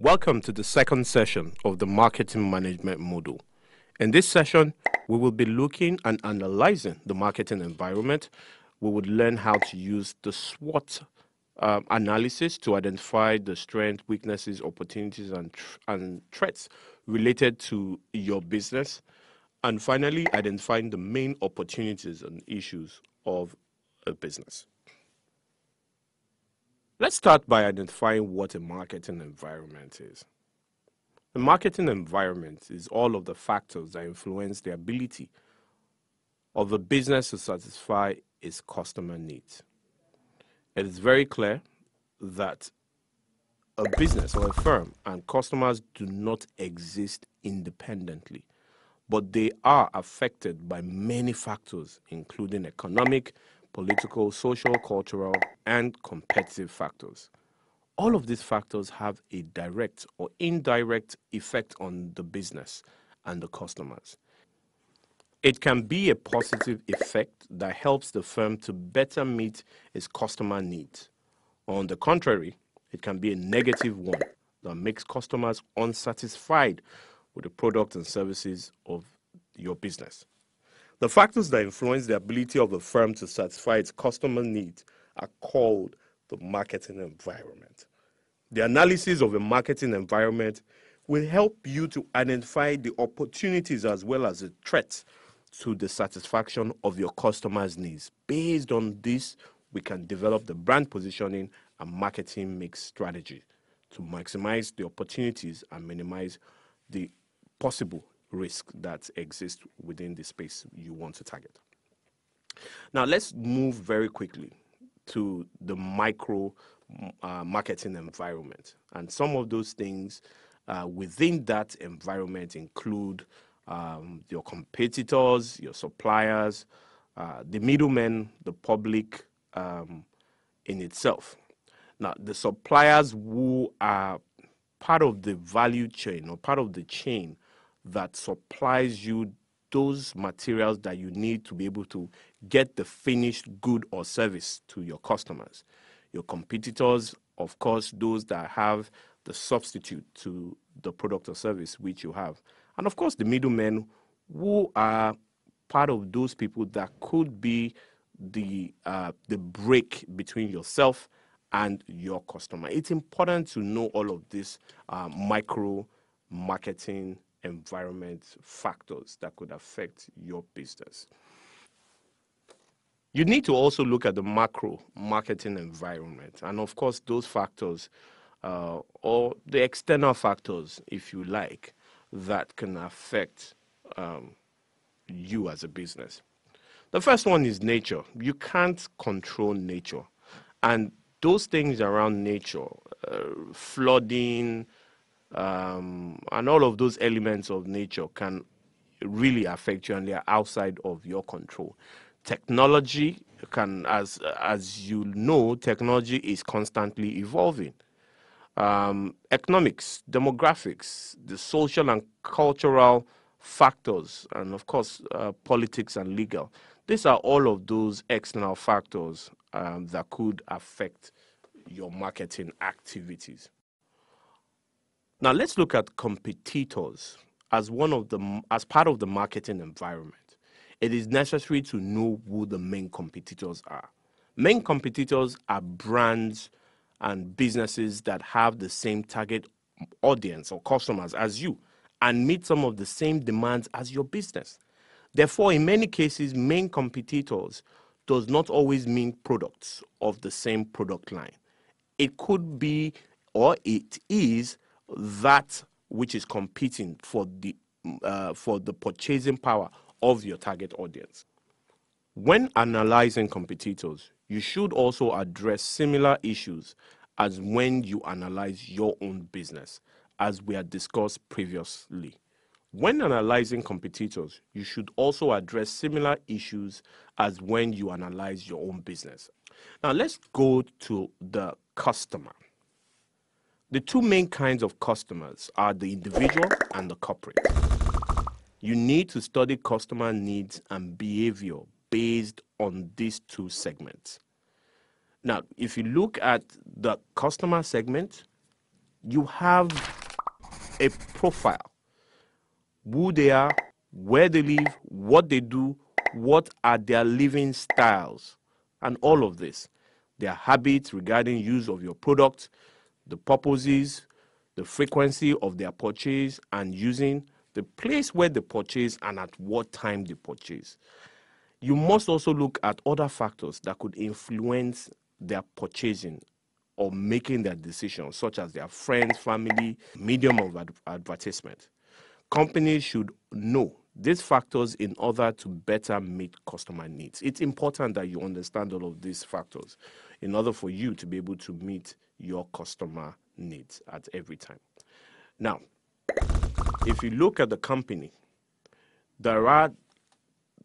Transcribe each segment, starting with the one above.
Welcome to the second session of the Marketing Management Module. In this session, we will be looking and analyzing the marketing environment. We would learn how to use the SWOT um, analysis to identify the strengths, weaknesses, opportunities, and, and threats related to your business. And finally, identifying the main opportunities and issues of a business. Let's start by identifying what a marketing environment is. The marketing environment is all of the factors that influence the ability of a business to satisfy its customer needs. It is very clear that a business or a firm and customers do not exist independently, but they are affected by many factors, including economic, political, social, cultural, and competitive factors. All of these factors have a direct or indirect effect on the business and the customers. It can be a positive effect that helps the firm to better meet its customer needs. On the contrary, it can be a negative one that makes customers unsatisfied with the products and services of your business. The factors that influence the ability of a firm to satisfy its customer needs are called the marketing environment. The analysis of a marketing environment will help you to identify the opportunities as well as the threats to the satisfaction of your customers' needs. Based on this, we can develop the brand positioning and marketing mix strategy to maximize the opportunities and minimize the possible risk that exists within the space you want to target. Now, let's move very quickly to the micro uh, marketing environment. And some of those things uh, within that environment include um, your competitors, your suppliers, uh, the middlemen, the public um, in itself. Now, the suppliers who are part of the value chain or part of the chain that supplies you those materials that you need to be able to get the finished good or service to your customers. Your competitors, of course, those that have the substitute to the product or service which you have. And of course, the middlemen who are part of those people that could be the, uh, the break between yourself and your customer. It's important to know all of this uh, micro marketing environment factors that could affect your business. You need to also look at the macro marketing environment. And of course, those factors uh, or the external factors, if you like, that can affect um, you as a business. The first one is nature. You can't control nature. And those things around nature, uh, flooding, um, and all of those elements of nature can really affect you and they're outside of your control technology can as as you know technology is constantly evolving um, economics demographics the social and cultural factors and of course uh, politics and legal these are all of those external factors um, that could affect your marketing activities now let's look at competitors as one of the as part of the marketing environment. It is necessary to know who the main competitors are. Main competitors are brands and businesses that have the same target audience or customers as you and meet some of the same demands as your business. Therefore, in many cases, main competitors does not always mean products of the same product line. It could be or it is that which is competing for the mm, uh, for the purchasing power of your target audience. When analyzing competitors, you should also address similar issues as when you analyze your own business, as we had discussed previously. When analyzing competitors, you should also address similar issues as when you analyze your own business. Now, let's go to the customer. The two main kinds of customers are the individual and the corporate. You need to study customer needs and behavior based on these two segments. Now, if you look at the customer segment, you have a profile who they are, where they live, what they do, what are their living styles, and all of this, their habits regarding use of your product, the purposes, the frequency of their purchase and using, the place where they purchase and at what time they purchase. You must also look at other factors that could influence their purchasing or making their decisions, such as their friends, family, medium of ad- advertisement. Companies should know these factors in order to better meet customer needs. It's important that you understand all of these factors in order for you to be able to meet your customer needs at every time. Now, if you look at the company, there are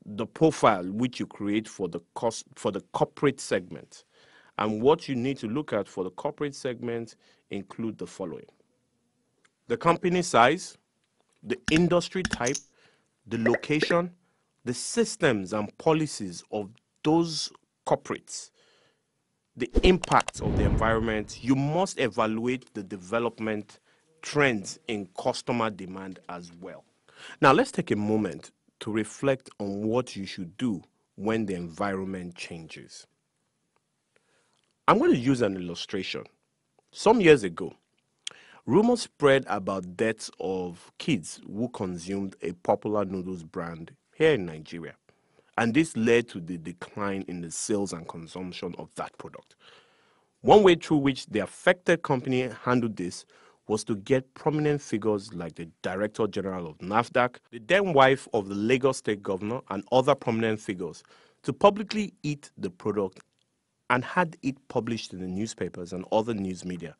the profile which you create for the cost for the corporate segment. And what you need to look at for the corporate segment include the following. The company size, the industry type, the location, the systems and policies of those corporates the impact of the environment, you must evaluate the development trends in customer demand as well. Now, let's take a moment to reflect on what you should do when the environment changes. I'm going to use an illustration. Some years ago, rumors spread about deaths of kids who consumed a popular noodles brand here in Nigeria. And this led to the decline in the sales and consumption of that product. One way through which the affected company handled this was to get prominent figures like the Director General of NAFDAC, the then wife of the Lagos State Governor, and other prominent figures to publicly eat the product and had it published in the newspapers and other news media.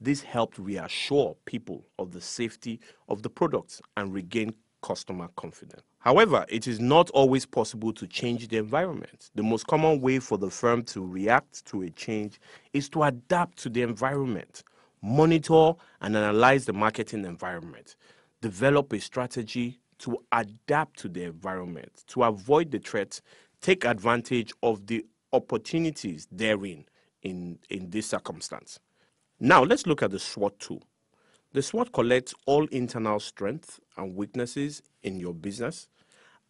This helped reassure people of the safety of the products and regain customer confidence. However, it is not always possible to change the environment. The most common way for the firm to react to a change is to adapt to the environment, monitor and analyze the marketing environment, develop a strategy to adapt to the environment, to avoid the threats, take advantage of the opportunities therein in, in this circumstance. Now, let's look at the SWOT tool. The SWOT collects all internal strengths and weaknesses in your business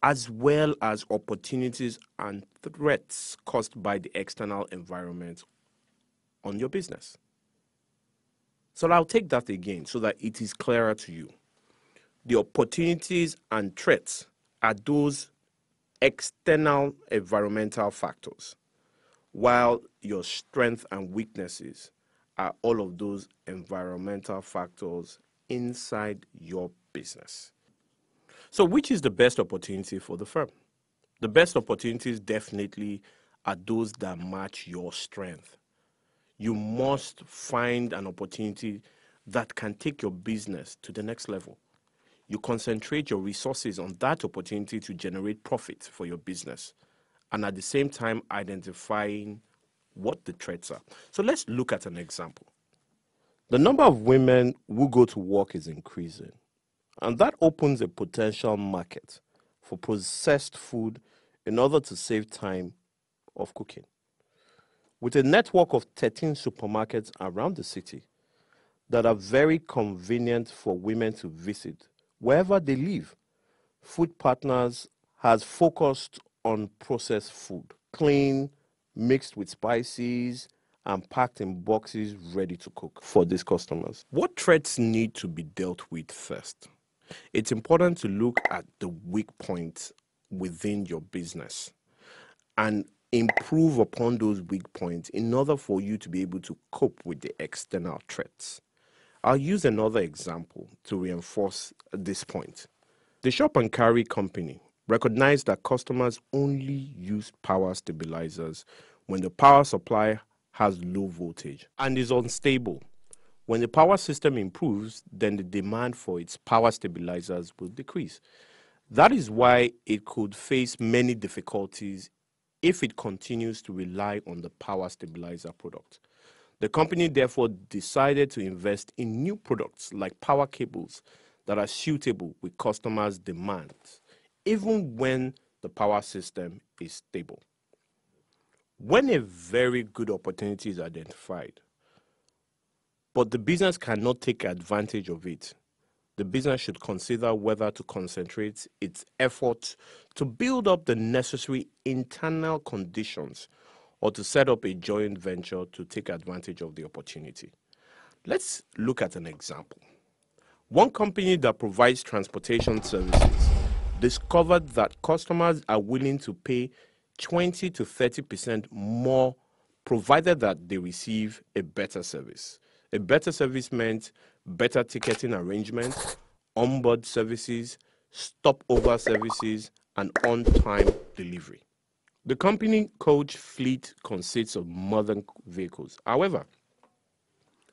as well as opportunities and threats caused by the external environment on your business. So I'll take that again so that it is clearer to you. The opportunities and threats are those external environmental factors, while your strengths and weaknesses are all of those environmental factors inside your business. So, which is the best opportunity for the firm? The best opportunities definitely are those that match your strength. You must find an opportunity that can take your business to the next level. You concentrate your resources on that opportunity to generate profit for your business and at the same time identifying what the threats are. So let's look at an example. The number of women who go to work is increasing. And that opens a potential market for processed food in order to save time of cooking. With a network of 13 supermarkets around the city that are very convenient for women to visit wherever they live, Food Partners has focused on processed food, clean, mixed with spices, and packed in boxes ready to cook for these customers. What threats need to be dealt with first? It's important to look at the weak points within your business and improve upon those weak points in order for you to be able to cope with the external threats. I'll use another example to reinforce this point. The shop and carry company recognized that customers only use power stabilizers when the power supply has low voltage and is unstable. When the power system improves, then the demand for its power stabilizers will decrease. That is why it could face many difficulties if it continues to rely on the power stabilizer product. The company therefore decided to invest in new products like power cables that are suitable with customers' demands, even when the power system is stable. When a very good opportunity is identified, but the business cannot take advantage of it. The business should consider whether to concentrate its efforts to build up the necessary internal conditions or to set up a joint venture to take advantage of the opportunity. Let's look at an example. One company that provides transportation services discovered that customers are willing to pay 20 to 30% more provided that they receive a better service. A better service meant better ticketing arrangements, onboard services, stopover services, and on time delivery. The company coach fleet consists of modern vehicles. However,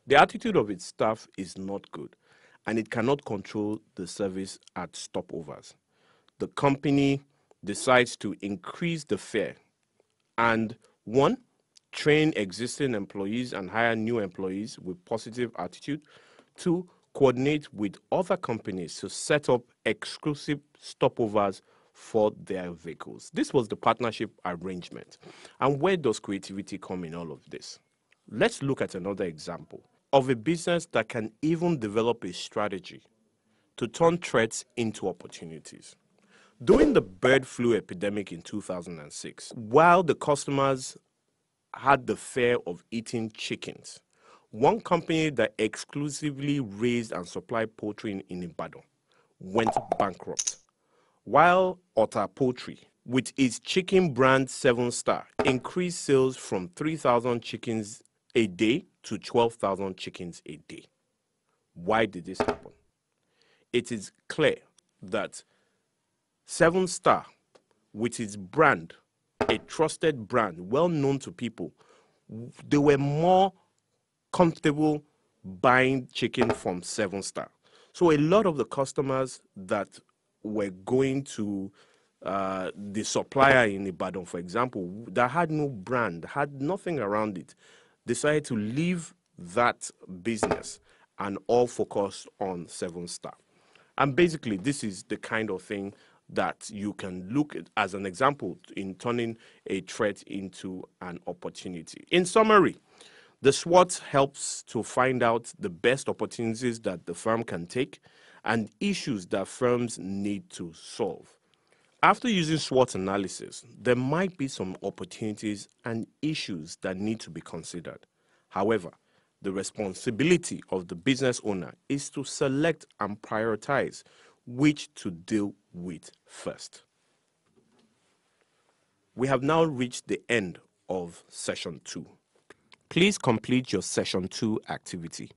the attitude of its staff is not good and it cannot control the service at stopovers. The company decides to increase the fare and one, train existing employees and hire new employees with positive attitude. Two, coordinate with other companies to set up exclusive stopovers for their vehicles. This was the partnership arrangement. And where does creativity come in all of this? Let's look at another example of a business that can even develop a strategy to turn threats into opportunities. During the bird flu epidemic in 2006, while the customers had the fear of eating chickens. One company that exclusively raised and supplied poultry in, in Ibadan went bankrupt, while Otter Poultry, with its chicken brand Seven Star, increased sales from 3,000 chickens a day to 12,000 chickens a day. Why did this happen? It is clear that Seven Star, with its brand, a trusted brand, well known to people, they were more comfortable buying chicken from Seven Star. So a lot of the customers that were going to uh, the supplier in Ibadan, for example, that had no brand, had nothing around it, decided to leave that business and all focused on Seven Star. And basically, this is the kind of thing that you can look at as an example in turning a threat into an opportunity. In summary, the SWOT helps to find out the best opportunities that the firm can take and issues that firms need to solve. After using SWOT analysis, there might be some opportunities and issues that need to be considered. However, the responsibility of the business owner is to select and prioritize which to deal with first. We have now reached the end of session two. Please complete your session two activity.